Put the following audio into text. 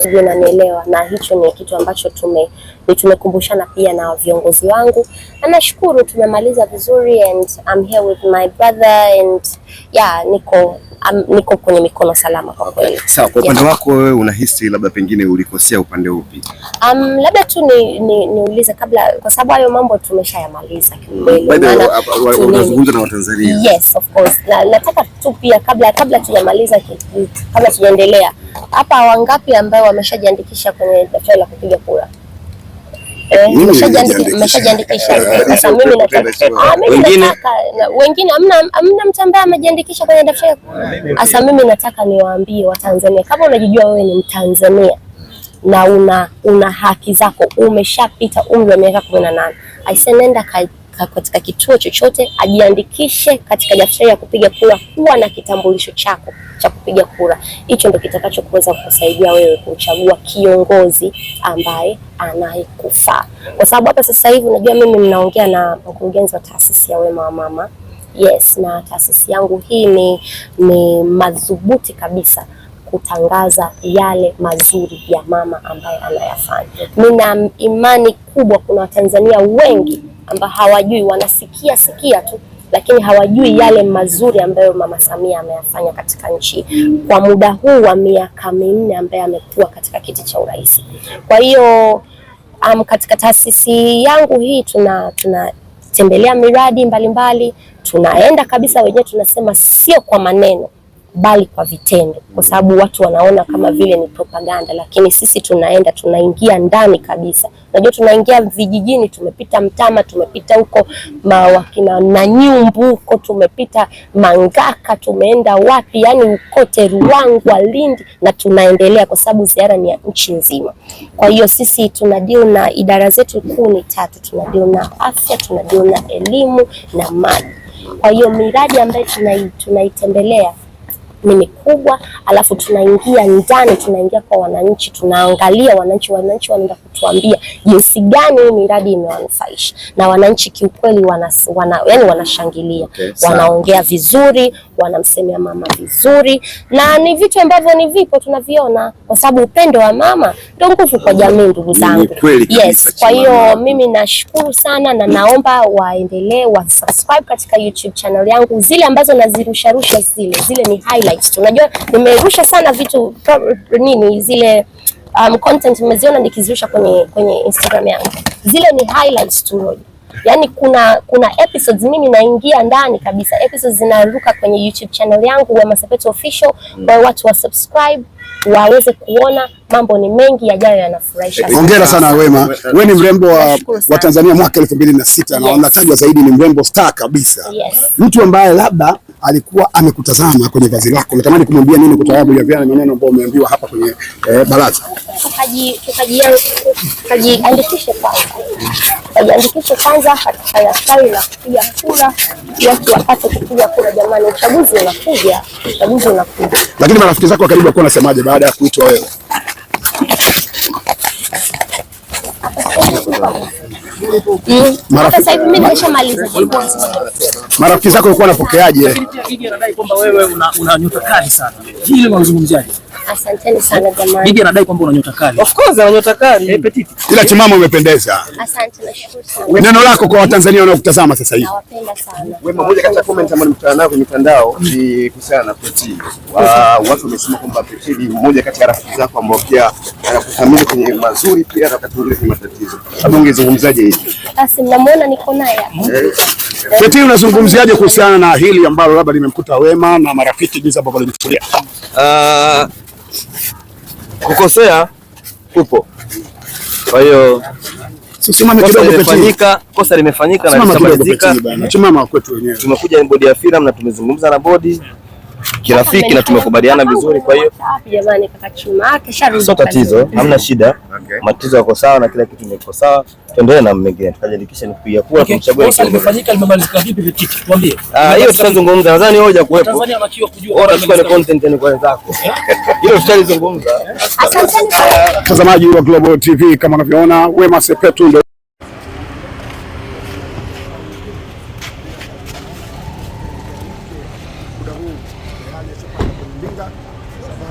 sijui unanielewa, na hicho ni kitu ambacho tume tumekumbushana pia na viongozi wangu, na nashukuru tumemaliza vizuri and I'm here with my brother and yeah, niko niko kwenye mikono salama kwa kweli. Sawa, kwa upande yeah, wako wewe unahisi labda pengine ulikosea upande upi? Um, labda tu niulize ni, ni kabla kwa sababu hayo mambo tumeshayamaliza kiukweli. Unazungumza na Watanzania? Yes, of course. Na nataka tu pia kabla kabla tujamaliza kabla tujaendelea hapa, wangapi ambao wameshajiandikisha kwenye daftari la kupiga kura? Eh, Meshajiandikisha yaani ah, wengine, amna mtu ambaye amejiandikisha kwenye daftari sasa. Mimi nataka niwaambie Watanzania, kama unajijua wewe ni Mtanzania na una una haki zako, umeshapita umri wa miaka kumi na nane, aise nenda katika kituo chochote ajiandikishe katika daftari ya kupiga kura, kuwa na kitambulisho chako cha kupiga kura. Hicho ndio kitakacho kuweza kukusaidia wewe kuchagua kiongozi ambaye anayekufaa, kwa sababu hapa sasa hivi unajua, mimi mnaongea na mkurugenzi wa taasisi ya Wema wa Mama. Yes, na taasisi yangu hii ni, ni madhubuti kabisa kutangaza yale mazuri ya mama ambaye anayafanya. Nina imani kubwa kuna Watanzania wengi ambao hawajui, wanasikia sikia tu, lakini hawajui yale mazuri ambayo Mama Samia ameyafanya katika nchi kwa muda huu wa miaka minne ambaye amekuwa katika kiti cha urais. Kwa hiyo um, katika taasisi yangu hii tuna tunatembelea miradi mbalimbali mbali, tunaenda kabisa wenyewe tunasema, sio kwa maneno bali kwa vitendo, kwa sababu watu wanaona kama vile ni propaganda, lakini sisi tunaenda tunaingia ndani kabisa. Unajua, tunaingia vijijini, tumepita Mtama, tumepita huko mawakina na Nyumbu huko, tumepita Mangaka, tumeenda wapi, yani Ukote, Ruangwa, Lindi na tunaendelea, kwa sababu ziara ni ya nchi nzima. Kwa hiyo sisi tunadeal na idara zetu kuu ni tatu, tunadeal na afya, tunadeal na elimu na maji. Kwa hiyo miradi ambayo tunaitembelea ni mikubwa, alafu tunaingia ndani, tunaingia kwa wananchi, tunaangalia wananchi, wananchi wanaenda kutuambia jinsi gani hii miradi imewanufaisha, na wananchi kiukweli wana, wana, yani wanashangilia okay, wanaongea vizuri, wanamsemea mama vizuri, na ni vitu ambavyo ni vipo tunaviona, kwa sababu upendo wa mama ndio nguvu kwa jamii, ndugu zangu. Yes, kwa hiyo mimi nashukuru sana na naomba waendelee wa subscribe katika YouTube channel yangu, zile ambazo nazirusharusha zile zile ni highlight highlights tu. Unajua nimerusha sana vitu nini zile um, content nimeziona nikizirusha kwenye kwenye Instagram yangu. Zile ni highlights tu Roy. Yaani kuna kuna episodes mimi naingia ndani kabisa. Episodes zinaruka kwenye YouTube channel yangu Wema Sepetu Official mm. kwa mm, watu wa subscribe waweze kuona mambo ni mengi yajayo yanafurahisha. Hongera sana Wema, wewe ni mrembo wa, wa Tanzania mwaka 2006 na yes. na wanapigwa zaidi, ni mrembo star kabisa yes. mtu ambaye labda alikuwa amekutazama kwenye vazi lako, natamani kumwambia nini kwa sababu ya vyana maneno ambayo umeambiwa hapa kwenye eh, baraza? Tukajiandikishe tukajiandikishe kwanza ya daftari na kupiga kura, watu wapate kupiga kura. Jamani, uchaguzi unakuja, uchaguzi unakuja. Lakini marafiki zako karibu walikuwa wanasemaje baada ya kuitwa wewe? Hmm? Hata sasa hivi mimi nimeshamaliza marafiki zako walikuwa wanapokeaje? Gigi anadai kwamba wewe una, nyota kali sana. Hili Asanteni sana jamani. Gigi anadai kwamba kali. Of course ana nyota kali. Eh, Petiti. Ila chimamo umependeza. Asante na sana. Neno lako kwa Watanzania wanaokutazama sasa hivi. Nawapenda sana. Wema, moja kati ya comment ambayo nimekutana nayo kwenye mitandao ni kuhusiana na Petiti. Watu wamesema kwamba Petiti mmoja kati ya rafiki zako ambao pia anakuthamini kwenye mazuri pia na wakati mwingine kwenye matatizo. Labda ungezungumzaje hili? Basi mnamuona niko naye. Eh. Fetili, unazungumziaje kuhusiana na hili ambalo labda limemkuta Wema na marafiki jinsi ambavyo limechukulia? Uh, kukosea upo, kwa hiyo kosa limefanyika na tumekuja bodi ya filamu na tumezungumza na bodi kirafiki na tumekubaliana vizuri, kwa hiyo sio tatizo, hamna mm. shida. Matatizo yako sawa na kila kitu kiko sawa, tuendelee na mengine, tukajiandikisha ni kupiga kura tumchague. Ah, hiyo tutazungumza, nadhani wewe hoja kuwepo, ni content ni kwa wenzako, eh? hilo tutalizungumza. Mtazamaji wa Global TV, kama unavyoona Wema Sepetu ndio huu hali asipata kulindinga sababu